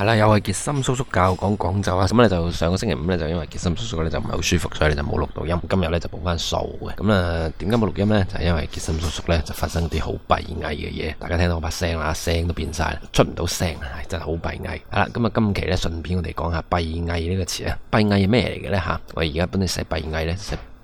係啦，又係傑森叔叔教講廣州啊，咁咧就上個星期五咧就因為傑森叔叔咧就唔係好舒服，所以咧就冇錄到音，今日咧就補翻數嘅。咁啊，點解冇錄音咧？就係因為傑森叔叔咧就發生啲好閉翳嘅嘢，大家聽到我把聲啦，聲都變晒，出唔到聲，真係好閉翳。係啦，咁啊，今期咧順便我哋講下閉翳呢個詞啊，閉翳係咩嚟嘅咧？吓，我而家幫你寫閉翳咧。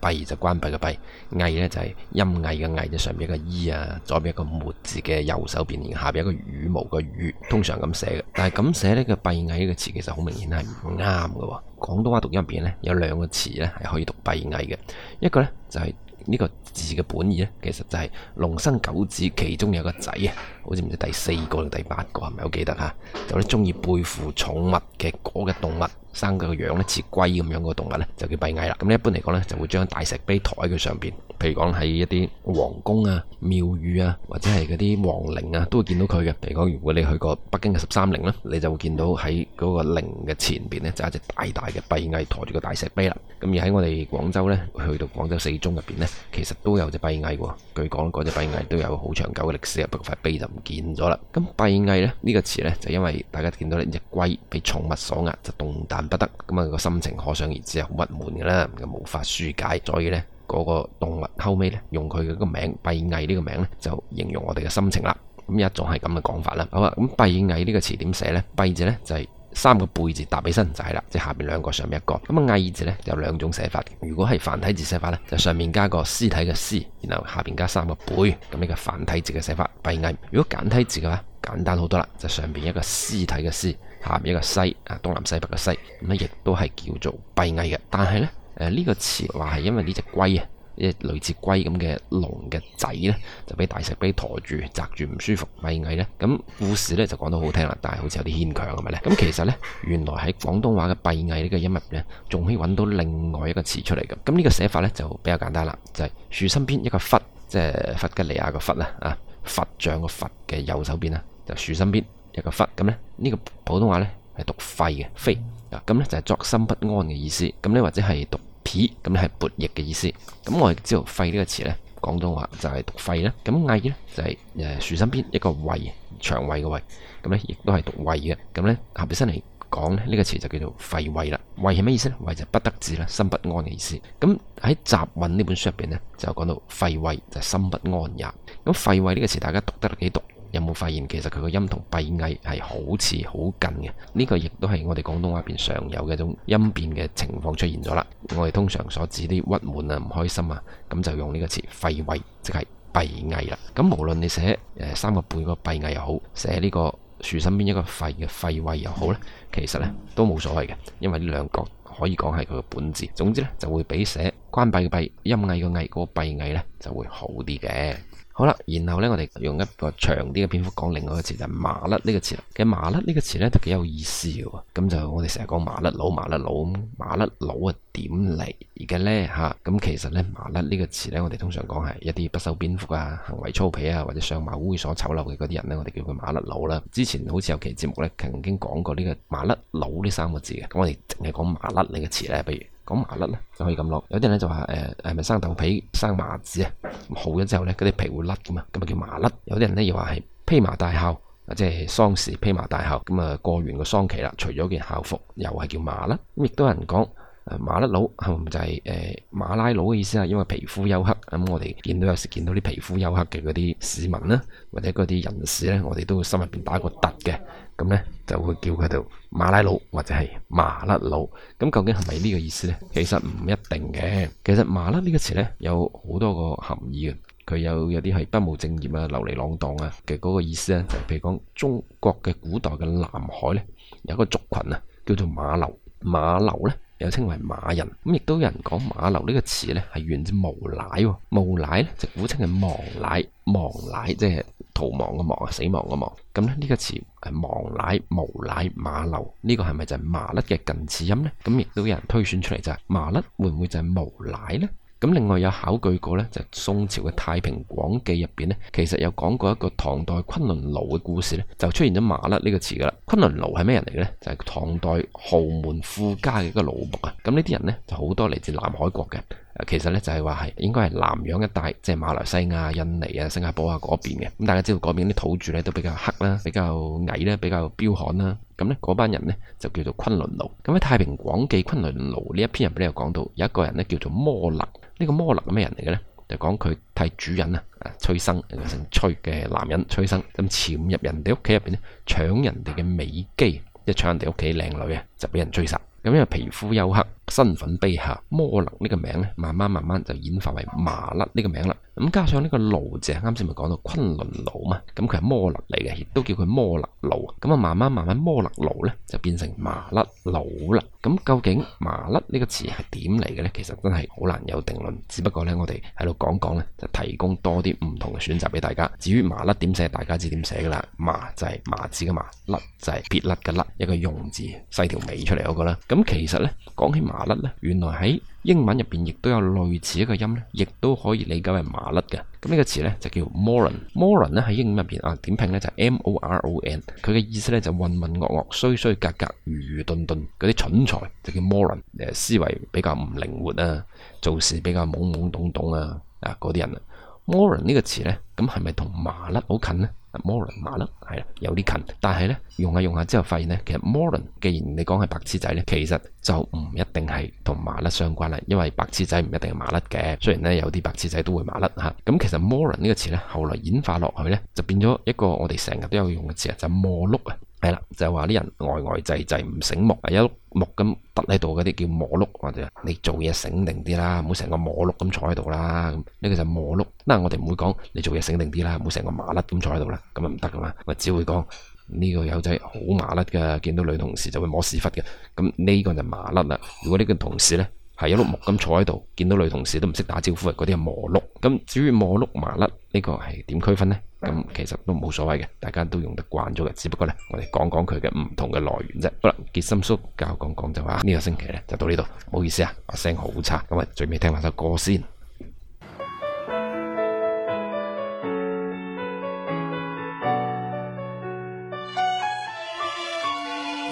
閉就是關閉嘅閉，翳咧就係陰翳嘅翳，就上面一個衣啊，左邊一個末字嘅右手邊，下邊一個羽毛嘅羽，通常咁寫嘅。但係咁寫呢個閉翳呢個詞其實好明顯係唔啱嘅。廣東話讀音入邊咧有兩個詞咧係可以讀閉翳嘅，一個咧就係呢個字嘅本意咧，其實就係龍生九子，其中有個仔啊，好似唔知第四個定第八個係咪？我記得吓，有啲中意背負寵物嘅果嘅動物。生佢個樣咧似龜咁樣個動物咧就叫閉翳啦。咁一般嚟講咧就會將大石碑抬喺佢上邊，譬如講喺一啲皇宮啊、廟宇啊，或者係嗰啲皇陵啊，都會見到佢嘅。譬如講，如果你去過北京嘅十三陵啦，你就會見到喺嗰個陵嘅前邊咧就是、一隻大大嘅閉翳抬住個大石碑啦。咁而喺我哋廣州咧，去到廣州四中入邊咧，其實都有隻閉翳喎。據講嗰隻閉翳都有好長久嘅歷史，不過塊碑就唔見咗啦。咁閉翳咧呢、呢個詞咧就因為大家見到咧隻龜被寵物所壓就動彈不得咁，啊個心情可想而知啊，鬱悶嘅啦，咁無法紓解，所以咧嗰個動物後尾咧用佢嘅個名閉翳呢個名咧就形容我哋嘅心情啦。咁一種係咁嘅講法啦。好啊，咁閉翳呢個詞點寫咧？閉字咧就係三個貝字搭起身就係啦，即係下邊兩個上面一個。咁啊翳字咧就有兩種寫法，如果係繁體字寫法咧就上面加個屍體嘅尸，然後下邊加三個貝，咁呢個繁體字嘅寫法閉翳。如果簡體字嘅話。簡單好多啦，就是、上邊一個屍體嘅屍，下邊一個西啊，東南西北嘅西咁咧，亦都係叫做閉翳嘅。但係咧，誒、這、呢個詞話係因為呢隻龜啊，一類似龜咁嘅龍嘅仔咧，就俾大石碑馱住擲住唔舒服，閉翳咧。咁故事咧就講得好聽啦，但係好似有啲牽強係咪咧？咁其實咧，原來喺廣東話嘅閉翳呢個音入咧，仲可以揾到另外一個詞出嚟㗎。咁呢個寫法咧就比較簡單啦，就係、是、樹身邊一個忽，即係佛吉尼亞嘅忽啦，啊，佛像嘅佛嘅右手邊啦。就豎心邊一個忽咁咧，呢個普通話咧係讀肺嘅，肺啊咁咧就係作心不安嘅意思。咁咧或者係讀脾，咁咧係潑液嘅意思。咁我係知道肺呢個詞咧，廣東話就係讀肺啦。咁胃咧就係誒豎心邊一個胃，腸胃嘅胃。咁咧亦都係讀胃嘅。咁咧合起身嚟講咧，呢個詞就叫做肺胃啦。胃係咩意思咧？胃就不得志啦，心不安嘅意思。咁喺《集韻》呢本書入邊咧，就講到肺胃就心不安也。咁肺胃呢個詞大家讀得幾讀？有冇發現其實佢個音同閉翳係好似好近嘅？呢個亦都係我哋廣東話入邊常有嘅一種音變嘅情況出現咗啦。我哋通常所指啲鬱悶啊、唔開心啊，咁就用呢個詞廢胃，即係閉翳啦。咁無論你寫誒三個半個閉翳又好，寫呢個樹身邊一個廢嘅廢胃又好咧，其實咧都冇所謂嘅，因為呢兩個。可以講係佢個本字，總之咧就會比寫關閉嘅閉陰翳嘅翳嗰個閉翳咧就會好啲嘅。好啦，然後咧我哋用一個長啲嘅篇幅講另外一個詞就係麻甩呢個詞啦。其實麻甩呢個詞咧都幾有意思嘅，咁就我哋成日講麻甩佬、麻甩佬、麻甩佬啊，點嚟嘅咧吓？咁其實咧麻甩呢個詞咧，我哋通常講係一啲不修邊幅啊、行為粗鄙啊或者相貌猥瑣醜陋嘅嗰啲人咧，我哋叫佢麻甩佬啦。之前好似有期節目咧曾經講過呢個麻甩佬呢三個字嘅，我哋淨係講麻甩。甩你嘅詞咧，比如講麻甩咧就可以咁落。有啲人咧就話誒，係、呃、咪生豆皮生麻子啊？好咗之後咧，嗰啲皮會甩噶嘛，咁啊叫麻甩。有啲人咧又話係披麻戴孝，即係喪事披麻戴孝，咁啊過完個喪期啦，除咗件孝服又係叫麻甩。咁亦都有人講。誒麻甩佬，係咪就係誒馬拉佬嘅意思啊？因為皮膚黝黑，咁我哋見到有時見到啲皮膚黝黑嘅嗰啲市民咧，或者嗰啲人士咧，我哋都會心入邊打個突嘅，咁咧就會叫佢做馬拉佬或者係麻甩佬。咁究竟係咪呢個意思咧？其實唔一定嘅。其實麻甩呢個詞咧有好多個含義嘅，佢有有啲係不務正業啊、流離浪蕩啊嘅嗰個意思咧。就譬如講中國嘅古代嘅南海咧，有一個族群啊，叫做馬流。馬流咧。又稱為馬人，咁亦都有人講馬騮呢個詞咧，係源自無賴喎。無賴咧，古稱係亡賴，亡賴即係逃亡嘅亡啊，死亡嘅亡。咁咧呢個詞係亡賴、無賴、馬騮，呢、這個係咪就係麻甩嘅近似音呢？咁亦都有人推算出嚟就係麻甩會唔會就係無賴呢？咁另外有考據過咧，就係、宋朝嘅《太平廣記》入邊咧，其實有講過一個唐代昆崙奴嘅故事咧，就出現咗麻甩呢個詞噶啦。昆崙奴係咩人嚟嘅咧？就係、係、唐代豪門富家嘅一個奴僕啊。咁呢啲人咧就好多嚟自南海國嘅。其實呢，就係話係應該係南洋一帶，即係馬來西亞、印尼啊、新加坡啊嗰邊嘅。咁大家知道嗰邊啲土著呢都比較黑啦，比較矮啦，比較彪悍啦。咁呢，嗰班人呢，就叫做昆侖奴。咁喺《太平廣記》昆侖奴呢一篇入邊又講到，有一個人呢，叫做摩勒。呢、這個摩勒係咩人嚟嘅呢？就講佢替主人啊，啊崔生，姓崔嘅男人崔生，咁潛入人哋屋企入面，呢搶人哋嘅美姬，一搶人哋屋企靚女啊，就俾人追殺。咁因為皮膚黝黑、身份低下，磨轆呢個名咧，慢慢慢慢就演化為麻甩呢個名啦。咁加上呢個佬字，啱先咪講到昆崙佬嘛，咁佢係摩勒嚟嘅，亦都叫佢摩勒佬。咁啊，慢慢慢慢摩勒佬咧，就變成麻甩佬啦。咁究竟麻甩呢個詞係點嚟嘅咧？其實真係好難有定論。只不過咧，我哋喺度講講咧，就提供多啲唔同嘅選擇俾大家。至於麻甩點寫，大家知點寫噶啦，麻就係麻字嘅麻，甩就係撇甩嘅甩，一個用字細條尾出嚟嗰個啦。咁其實咧，講起麻甩咧，原來喺～英文入邊亦都有類似一個音咧，亦都可以理解為麻甩嘅。咁呢個詞咧就叫 moron。moron 咧，喺英文入邊啊點拼咧，就 m o r o n。佢嘅意思咧，就混混噩噩、衰衰格格、愚愚頓頓嗰啲蠢材就叫 moron。誒思維比較唔靈活啊，做事比較懵懵懂懂啊啊嗰啲人啊。moron 呢個詞咧，咁係咪同麻甩好近咧？摩輪麻粒係啦，有啲近，但係咧用下用下之後，發現咧其實摩 n 既然你講係白痴仔咧，其實就唔一定係同麻粒相關啦，因為白痴仔唔一定係麻粒嘅，雖然咧有啲白痴仔都會麻粒吓，咁其實摩 n 呢個詞咧，後來演化落去咧就變咗一個我哋成日都有用嘅詞就摩碌啊。係、嗯、啦，就話啲人呆呆滯滯，唔醒目，係一碌木咁突喺度嗰啲叫磨轆，或者你做嘢醒定啲啦，唔好成個磨轆咁坐喺度啦。咁呢個就磨轆。嗱，我哋唔會講你做嘢醒定啲啦，唔好成個麻甩咁坐喺度啦，咁啊唔得噶嘛。我只會講呢、這個友仔好麻甩嘅，見到女同事就會摸屎忽嘅。咁呢個就麻甩啦。如果呢個同事咧係一碌木咁坐喺度，見到女同事都唔識打招呼，嗰啲係磨轆。咁至於磨轆麻甩呢個係點區分咧？咁其實都冇所謂嘅，大家都用得慣咗嘅，只不過呢，我哋講講佢嘅唔同嘅來源啫。好啦，杰森叔教講講就話，呢個星期呢，就到呢度，唔好意思啊，把聲好差，咁啊最尾聽下首歌先。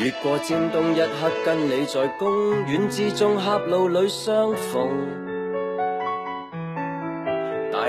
越過尖東一刻，跟你在公園之中狹路裏相逢。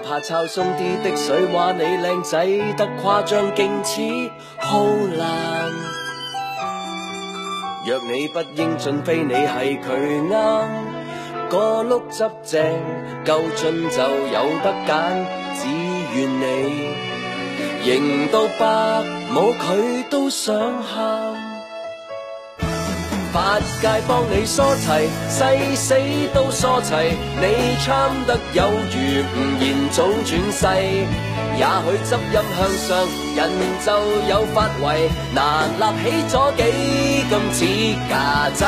怕抄鬆啲的水話，你靚仔得誇張，勁似破爛。若你不英俊，非你係佢啱，個碌執正夠俊就有得揀，只願你型到白，冇佢都想喊。八戒幫你梳齊，誓死都梳齊。你參得有餘，唔言早轉世。也許執音向上，人就有發圍。難立起咗幾咁似架仔，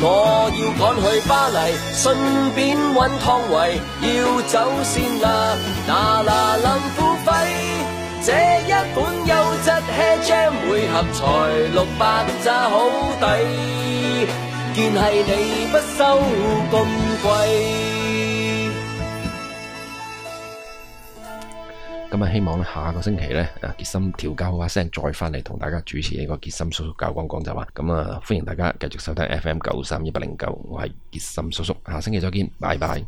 我要趕去巴黎，順便搵湯唯。要走先嗱嗱臨，付費。這一款優質 Air Chamber 每盒才六百咋，好抵，見係你不收咁貴。咁啊，希望咧下個星期咧啊，傑森調教好把聲，再翻嚟同大家主持呢個傑森叔叔教講廣州話，咁啊歡迎大家繼續收聽 FM 九三一八零九，我係傑森叔叔，下星期再見，拜拜。